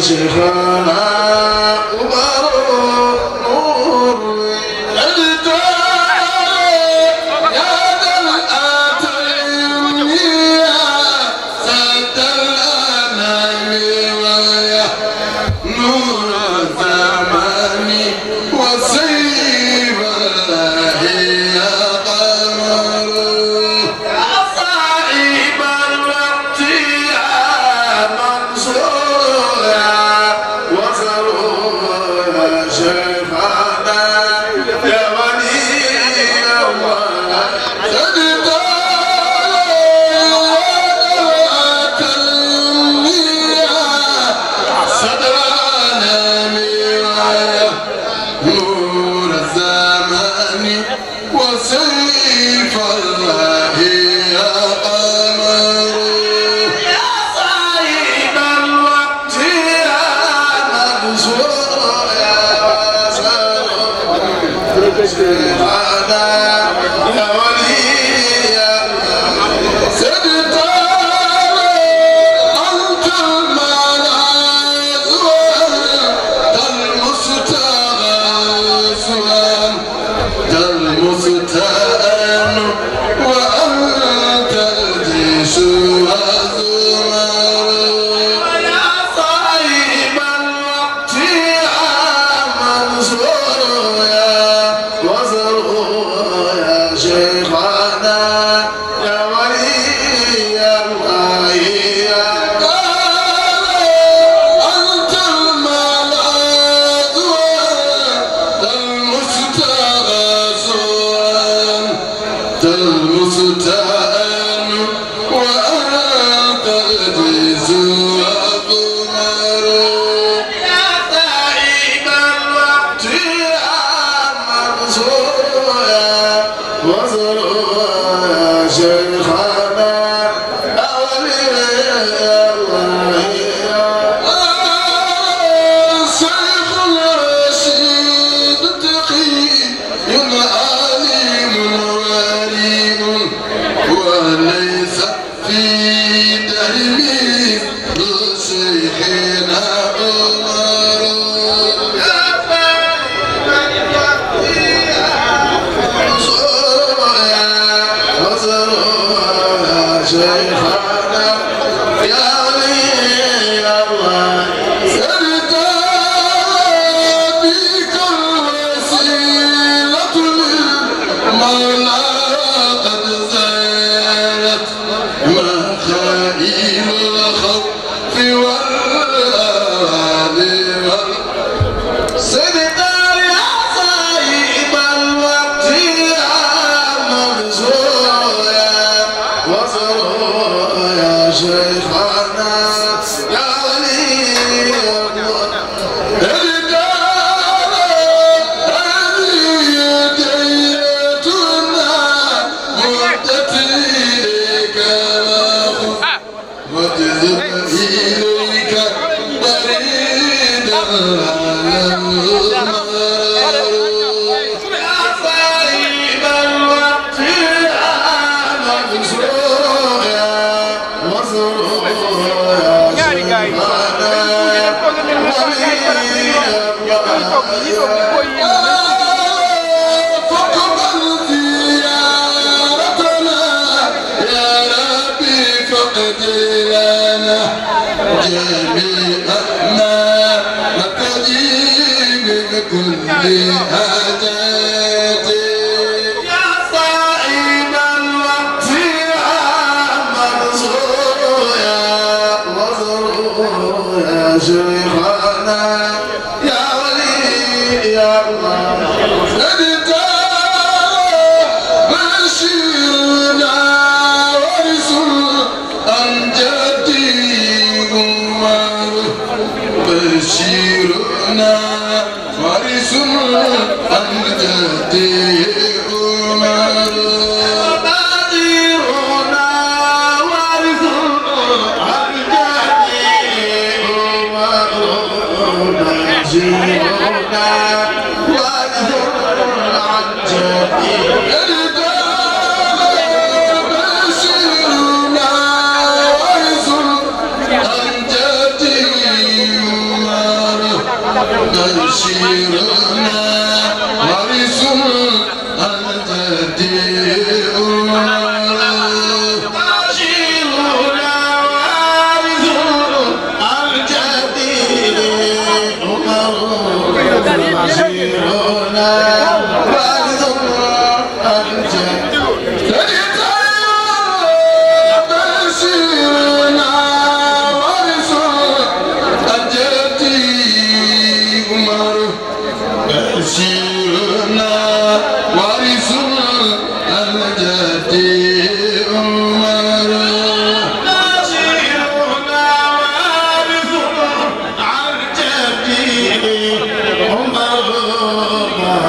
适合。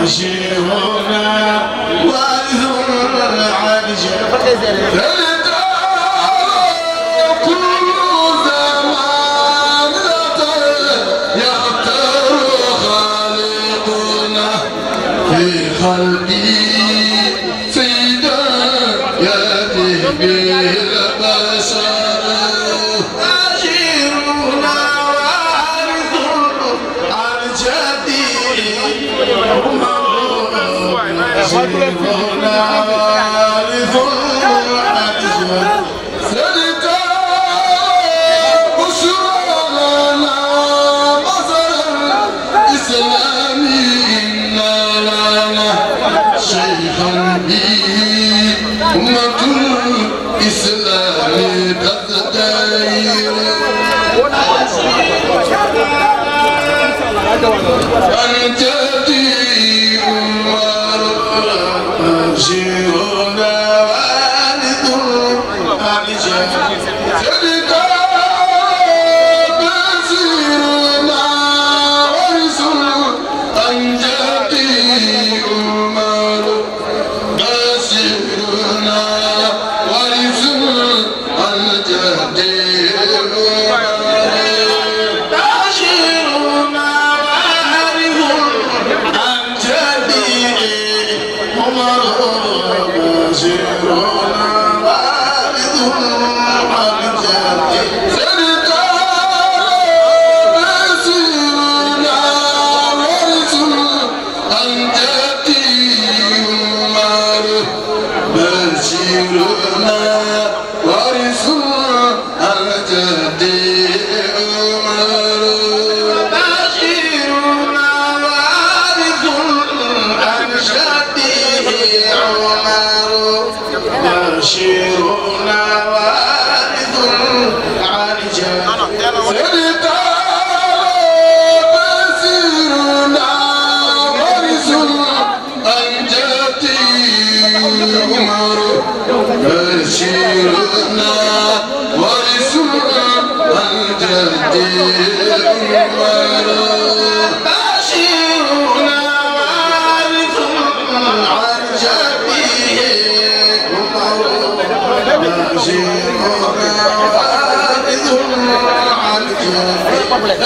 وجهنا والذل عن جهنا قلبي في دنيته بالبشر أجيرنا وارث عن جدي ¿Cuál Oh, my God. problema.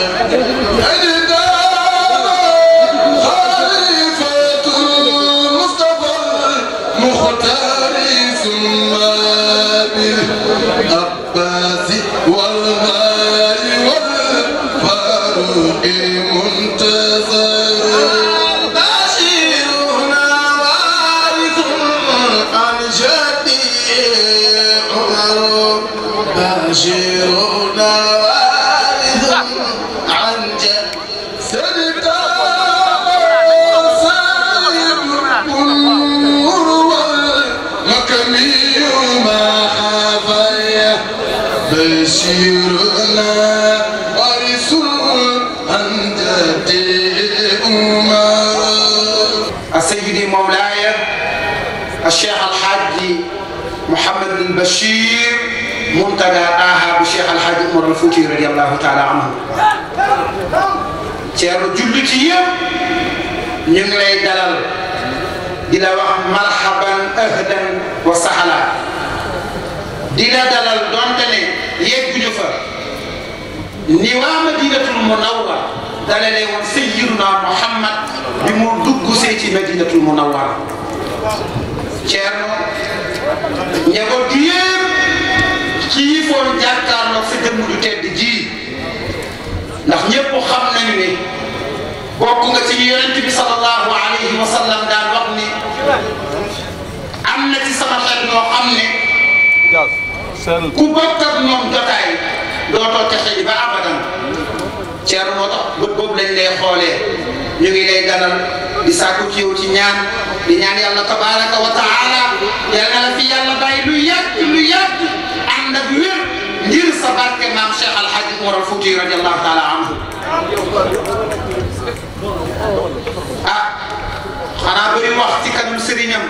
Yeah. أنت سيدي مولاي الشيخ الحاج محمد بن بشير منتدى آها بشيخ الحاج عمر الفوتي رضي الله تعالى عنه ceerno jullit yëpp ñu ngi lay dalal di la di la dalal donte ne yegguñu fa ni waa madinatul munawwar dalalee woon sayyiduna muhammad bi mu dugg see ci madinatul munawwar Ceerno njaboot gi yëpp ci yifoon jàkkaarloo sa jëmm ju tedd ji ndax ñëpp xam nañu ne bokk nga ci yonent bi sallallahu alayhi wa sallam daan wax ni sell ku bokk ak ñoom jotaay dootoo case ji ba abadan ceer moo tax bët boobu lañ lay xoolee ñu ngi lay ganal ci yow ci ñaan di ñaan yàlla wa taala yal la fi yàlla bàyyi lu yàgg lu yàgg ànd ak wér ngir sa barke maam Cheikh Al Hadj Umar Al Fouti radiyallahu taala anhu ah xanaa bëri wax ci kanam sëriñam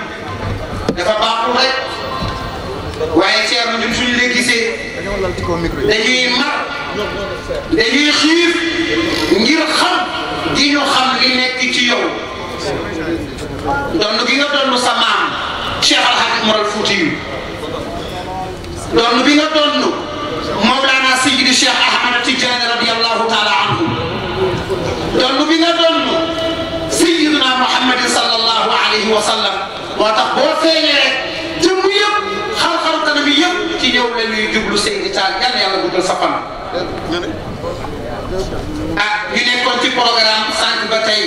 dafa baaxul rek waaye Thierno ñun suñu la gisee dañuy mar dañuy xiif ngir xam di ñu xam li nekk ci yow donn gi nga donn sa maam Cheikh Al Hadj Umar Al Fouti yu donn bi nga donn Mawlana Sayyidi Cheikh Ahmad Tidiane radiyallahu taala anhu donn bi nga donn Sayyidina Muhammad sallallahu alayhi wa sallam moo tax boo feeñee rek Seydi Tall yal na yàlla guddal sa fan ah ñu nekkoon ci programme sànq ba tey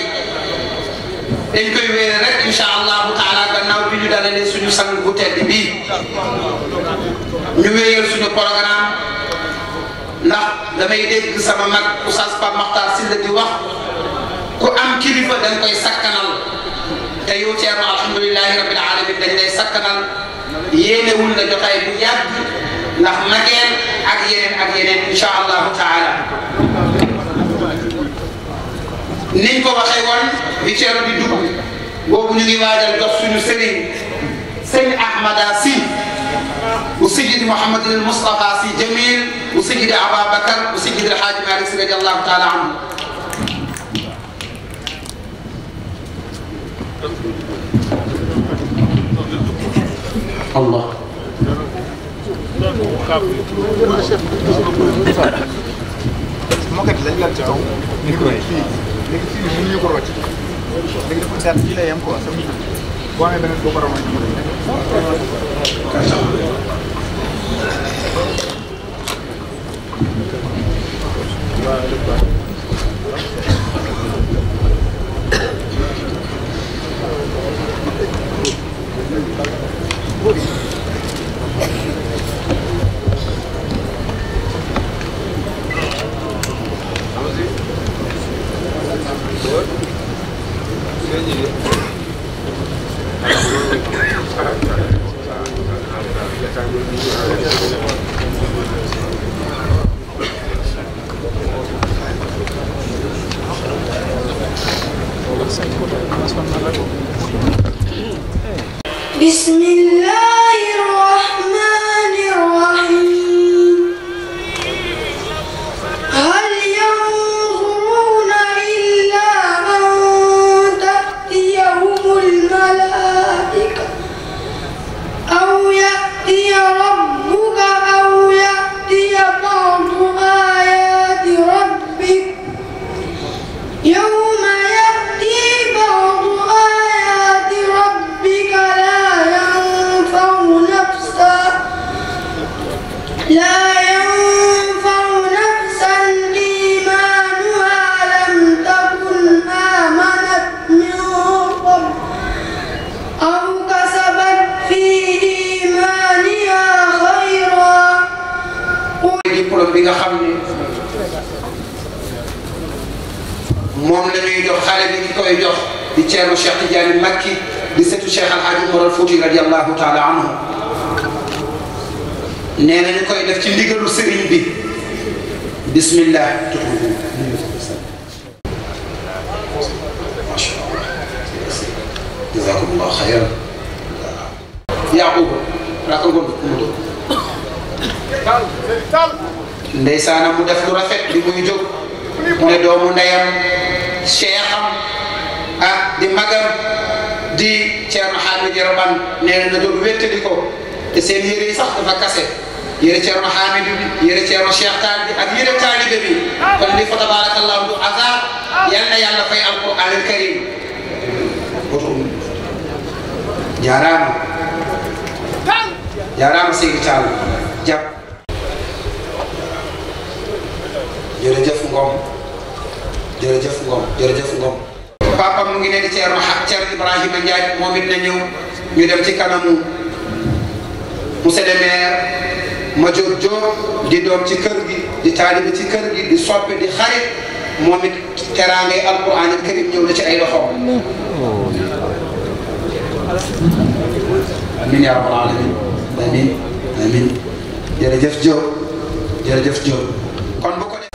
dañ koy wéere rek incha allahu taala gannaaw bi ñu dalalee suñu sang bu tedd bii ñu wéyal suñu programme ndax damay dégg sama mag Oustaz Pape Makhtar Sylla di wax ku am kilifa dañ koy sakkanal te yow Thierno alhamdulilahi rabbil alamin dañ lay sakkanal yéenewul la jotaay bu yàgg ndax mageen ak yeneen ak yeneen insha allahu taala niñ ko waxee woon bi ceeru bi dugg boobu ñu ngi waajal jox suñu sëriñ sëñ ahmada si وسيد محمد المصطفى سي جميل وسيد ابا بكر وسيد الحاج مالك رضي الله تعالى عنه الله moket lañ dal ci kaw. micro yi fii léegi fii nii mënuñu ko rocc. léegi dafa daal fii lay yem quoi sama micro. boo amee beneen boo ko romal ñu Thank you. Все, diplôme bi nga xam ni moom la ñuy jox xale bi ki koy jox di ceerno Cheikh Tidiane Makki di setu Cheikh Al Hadj Umar al Fouti radiyallahu taala anhu nee na ñu koy def ci ndigalu sëriñ bi bismillah jazakumullahu xayran yaquba rakongo ko mo do ndeysaana mu def lu rafet li muy jóg mu ne doomu ndeyam seexam ah di magam di Ceerno Hamid Yoroban nee na doon wéttali ko te seen yére yi sax dafa kase yére Ceerno Hamid bi yére Ceerno Cheikh Taal bi ak yére taalibe bi kon li fa tabarakallahu du azar yal na yàlla fay alquran al karim jaaraama jaaraama Seydi Taal jàpp jërëjëf Ngom jërëjëf Ngom jërëjëf Ngom. papa mu ngi ne di Thierno Thierno Ibrahima Ndiaye moom it na ñëw ñu dem ci kanamu monsieur le maire Madior Diop di doom ci kër gi di ci kër gi di soppi di xarit moom it teraange alquran al karim ñëw na ci ay loxoom. amiin yaa rabbal alamin amiin amiin jërëjëf Diop jërëjëf Diop kon bu ko.